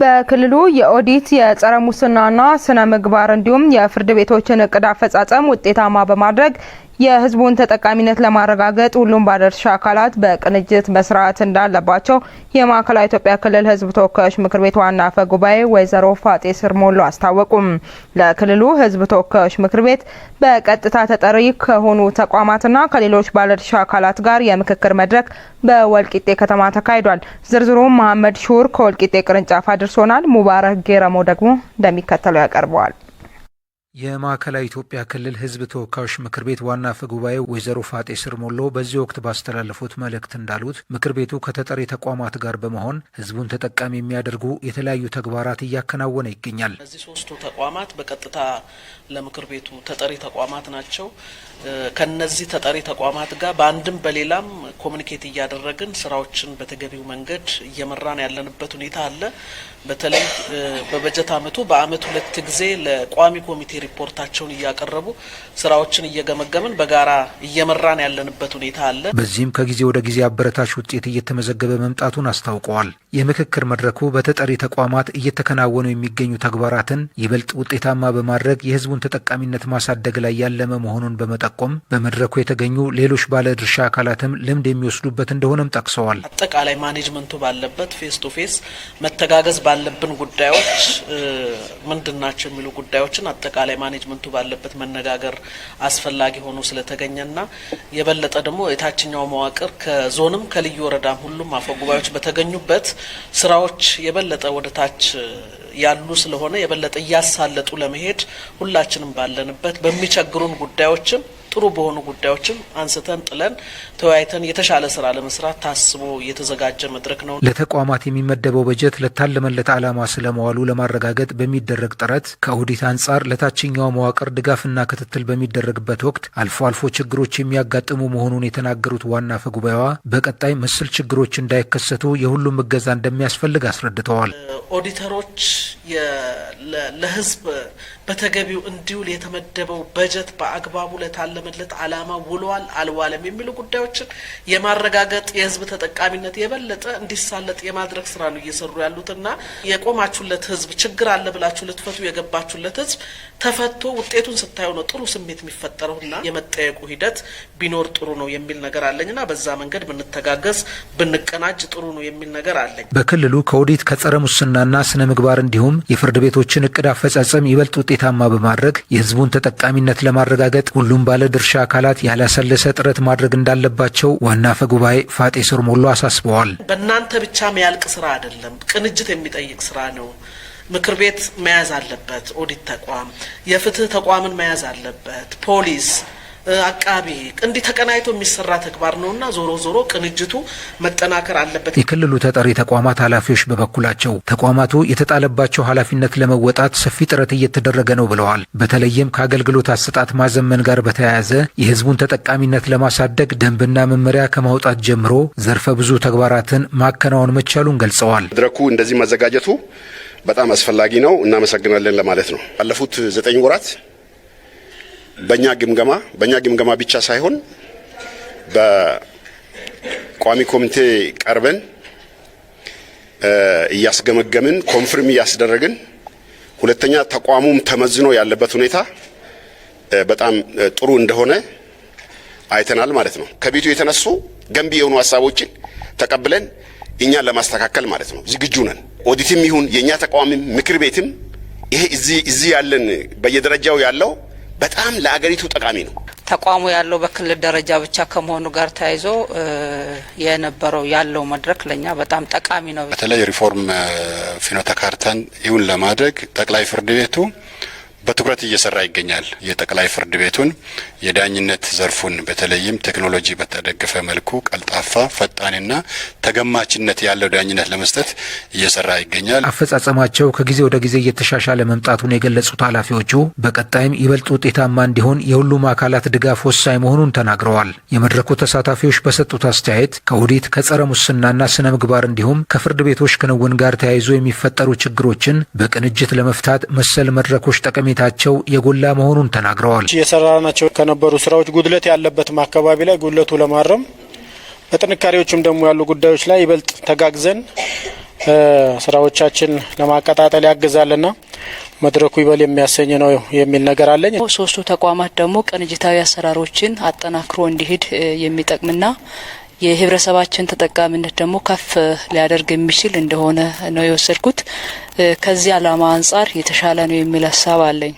በክልሉ የኦዲት የጸረ ሙስናና ስነ ምግባር እንዲሁም የፍርድ ቤቶችን እቅድ አፈጻጸም ውጤታማ በማድረግ የህዝቡን ተጠቃሚነት ለማረጋገጥ ሁሉም ባለድርሻ አካላት በቅንጅት መስራት እንዳለባቸው የማዕከላዊ ኢትዮጵያ ክልል ህዝብ ተወካዮች ምክር ቤት ዋና አፈ ጉባኤ ወይዘሮ ፋጤ ስርሞሎ አስታወቁም። ለክልሉ ህዝብ ተወካዮች ምክር ቤት በቀጥታ ተጠሪ ከሆኑ ተቋማትና ከሌሎች ባለድርሻ አካላት ጋር የምክክር መድረክ በወልቂጤ ከተማ ተካሂዷል። ዝርዝሩም መሀመድ ሹር ከወልቂጤ ቅርንጫፍ አድርሶናል። ሙባረክ ጌረሞ ደግሞ እንደሚከተለው ያቀርበዋል። የማዕከላዊ ኢትዮጵያ ክልል ሕዝብ ተወካዮች ምክር ቤት ዋና አፈ ጉባኤ ወይዘሮ ፋጤ ስርሞሎ በዚህ ወቅት ባስተላለፉት መልእክት እንዳሉት ምክር ቤቱ ከተጠሪ ተቋማት ጋር በመሆን ሕዝቡን ተጠቃሚ የሚያደርጉ የተለያዩ ተግባራት እያከናወነ ይገኛል። እነዚህ ሶስቱ ተቋማት በቀጥታ ለምክር ቤቱ ተጠሪ ተቋማት ናቸው። ከነዚህ ተጠሪ ተቋማት ጋር በአንድም በሌላም ኮሚኒኬት እያደረግን ስራዎችን በተገቢው መንገድ እየመራን ያለንበት ሁኔታ አለ። በተለይ በበጀት አመቱ በአመት ሁለት ጊዜ ለቋሚ ኮሚቴ ሪፖርታቸውን እያቀረቡ ስራዎችን እየገመገምን በጋራ እየመራን ያለንበት ሁኔታ አለ። በዚህም ከጊዜ ወደ ጊዜ አበረታች ውጤት እየተመዘገበ መምጣቱን አስታውቀዋል። የምክክር መድረኩ በተጠሪ ተቋማት እየተከናወኑ የሚገኙ ተግባራትን ይበልጥ ውጤታማ በማድረግ የህዝቡን ተጠቃሚነት ማሳደግ ላይ ያለመ መሆኑን በመጠቆም በመድረኩ የተገኙ ሌሎች ባለድርሻ አካላትም ልምድ የሚወስዱበት እንደሆነም ጠቅሰዋል። አጠቃላይ ማኔጅመንቱ ባለበት ፌስ ቱ ፌስ መተጋገዝ ባለብን ጉዳዮች ምንድን ናቸው የሚሉ ጉዳዮችን አጠቃላይ አጠቃላይ ማኔጅመንቱ ባለበት መነጋገር አስፈላጊ ሆኖ ስለተገኘና የበለጠ ደግሞ የታችኛው መዋቅር ከዞንም ከልዩ ወረዳም ሁሉም ጉባኤዎች በተገኙበት ስራዎች የበለጠ ወደ ታች ያሉ ስለሆነ የበለጠ እያሳለጡ ለመሄድ ሁላችንም ባለንበት በሚቸግሩን ጉዳዮችም ጥሩ በሆኑ ጉዳዮችም አንስተን ጥለን ተወያይተን የተሻለ ስራ ለመስራት ታስቦ የተዘጋጀ መድረክ ነው። ለተቋማት የሚመደበው በጀት ለታለመለት ዓላማ ስለመዋሉ ለማረጋገጥ በሚደረግ ጥረት ከኦዲት አንጻር ለታችኛው መዋቅር ድጋፍና ክትትል በሚደረግበት ወቅት አልፎ አልፎ ችግሮች የሚያጋጥሙ መሆኑን የተናገሩት ዋና አፈ ጉባኤዋ በቀጣይ መሰል ችግሮች እንዳይከሰቱ የሁሉም እገዛ እንደሚያስፈልግ አስረድተዋል። ኦዲተሮች ለህዝብ በተገቢው እንዲውል የተመደበው በጀት በአግባቡ ለታለመለት ዓላማ ውሏል አልዋለም የሚሉ ጉዳዮችን የማረጋገጥ የህዝብ ተጠቃሚነት የበለጠ እንዲሳለጥ የማድረግ ስራ ነው እየሰሩ ያሉትና የቆማችሁለት ህዝብ ችግር አለ ብላችሁ ልትፈቱ የገባችሁለት ህዝብ ተፈቶ ውጤቱን ስታየው ነው ጥሩ ስሜት የሚፈጠረውና የመጠየቁ ሂደት ቢኖር ጥሩ ነው የሚል ነገር አለኝና በዛ መንገድ ብንተጋገዝ ብንቀናጅ ጥሩ ነው የሚል ነገር አለኝ። በክልሉ ከኦዲት ከጸረ ሙስናና ስነ ምግባር እንዲሁም የፍርድ ቤቶችን እቅድ አፈጻጸም ይበልጥ ውጤት ውጤታማ በማድረግ የህዝቡን ተጠቃሚነት ለማረጋገጥ ሁሉም ባለድርሻ አካላት ያላሰለሰ ጥረት ማድረግ እንዳለባቸው ዋና አፈ ጉባኤ ፋጤ ሶርሞሎ አሳስበዋል። በእናንተ ብቻ ሚያልቅ ስራ አይደለም፣ ቅንጅት የሚጠይቅ ስራ ነው። ምክር ቤት መያዝ አለበት፣ ኦዲት ተቋም፣ የፍትህ ተቋምን መያዝ አለበት፣ ፖሊስ አቃቢ እንዲህ ተቀናይቶ የሚሰራ ተግባር ነውና ዞሮ ዞሮ ቅንጅቱ መጠናከር አለበት። የክልሉ ተጠሪ ተቋማት ኃላፊዎች በበኩላቸው ተቋማቱ የተጣለባቸው ኃላፊነት ለመወጣት ሰፊ ጥረት እየተደረገ ነው ብለዋል። በተለይም ከአገልግሎት አሰጣት ማዘመን ጋር በተያያዘ የሕዝቡን ተጠቃሚነት ለማሳደግ ደንብና መመሪያ ከማውጣት ጀምሮ ዘርፈ ብዙ ተግባራትን ማከናወን መቻሉን ገልጸዋል። መድረኩ እንደዚህ መዘጋጀቱ በጣም አስፈላጊ ነው። እናመሰግናለን ለማለት ነው። ባለፉት ዘጠኝ ወራት በእኛ ግምገማ በእኛ ግምገማ ብቻ ሳይሆን በቋሚ ኮሚቴ ቀርበን እያስገመገምን ኮንፍርም እያስደረግን፣ ሁለተኛ ተቋሙም ተመዝኖ ያለበት ሁኔታ በጣም ጥሩ እንደሆነ አይተናል ማለት ነው። ከቤቱ የተነሱ ገንቢ የሆኑ ሀሳቦችን ተቀብለን እኛን ለማስተካከል ማለት ነው ዝግጁ ነን። ኦዲትም ይሁን የእኛ ተቋምም ምክር ቤትም ይሄ እዚህ ያለን በየደረጃው ያለው በጣም ለአገሪቱ ጠቃሚ ነው። ተቋሙ ያለው በክልል ደረጃ ብቻ ከመሆኑ ጋር ተያይዞ የነበረው ያለው መድረክ ለእኛ በጣም ጠቃሚ ነው። በተለይ ሪፎርም ፍኖተ ካርታን ይሁን ለማድረግ ጠቅላይ ፍርድ ቤቱ በትኩረት እየሰራ ይገኛል። የጠቅላይ ፍርድ ቤቱን የዳኝነት ዘርፉን በተለይም ቴክኖሎጂ በተደገፈ መልኩ ቀልጣፋ፣ ፈጣንና ተገማችነት ያለው ዳኝነት ለመስጠት እየሰራ ይገኛል። አፈጻጸማቸው ከጊዜ ወደ ጊዜ እየተሻሻለ መምጣቱን የገለጹት ኃላፊዎቹ በቀጣይም ይበልጥ ውጤታማ እንዲሆን የሁሉም አካላት ድጋፍ ወሳኝ መሆኑን ተናግረዋል። የመድረኩ ተሳታፊዎች በሰጡት አስተያየት ከኦዲት ከጸረ ሙስናና ስነ ምግባር እንዲሁም ከፍርድ ቤቶች ክንውን ጋር ተያይዞ የሚፈጠሩ ችግሮችን በቅንጅት ለመፍታት መሰል መድረኮች ጠቀሚ ጠቀሜታቸው የጎላ መሆኑን ተናግረዋል። እየሰራናቸው ከነበሩ ስራዎች ጉድለት ያለበትም አካባቢ ላይ ጉድለቱ ለማረም በጥንካሬዎችም ደግሞ ያሉ ጉዳዮች ላይ ይበልጥ ተጋግዘን ስራዎቻችን ለማቀጣጠል ያግዛልና መድረኩ ይበል የሚያሰኝ ነው የሚል ነገር አለኝ። ሶስቱ ተቋማት ደግሞ ቅንጅታዊ አሰራሮችን አጠናክሮ እንዲሄድ የሚጠቅምና የህብረተሰባችን ተጠቃሚነት ደግሞ ከፍ ሊያደርግ የሚችል እንደሆነ ነው የወሰድኩት። ከዚህ አላማ አንጻር የተሻለ ነው የሚል ሀሳብ አለኝ።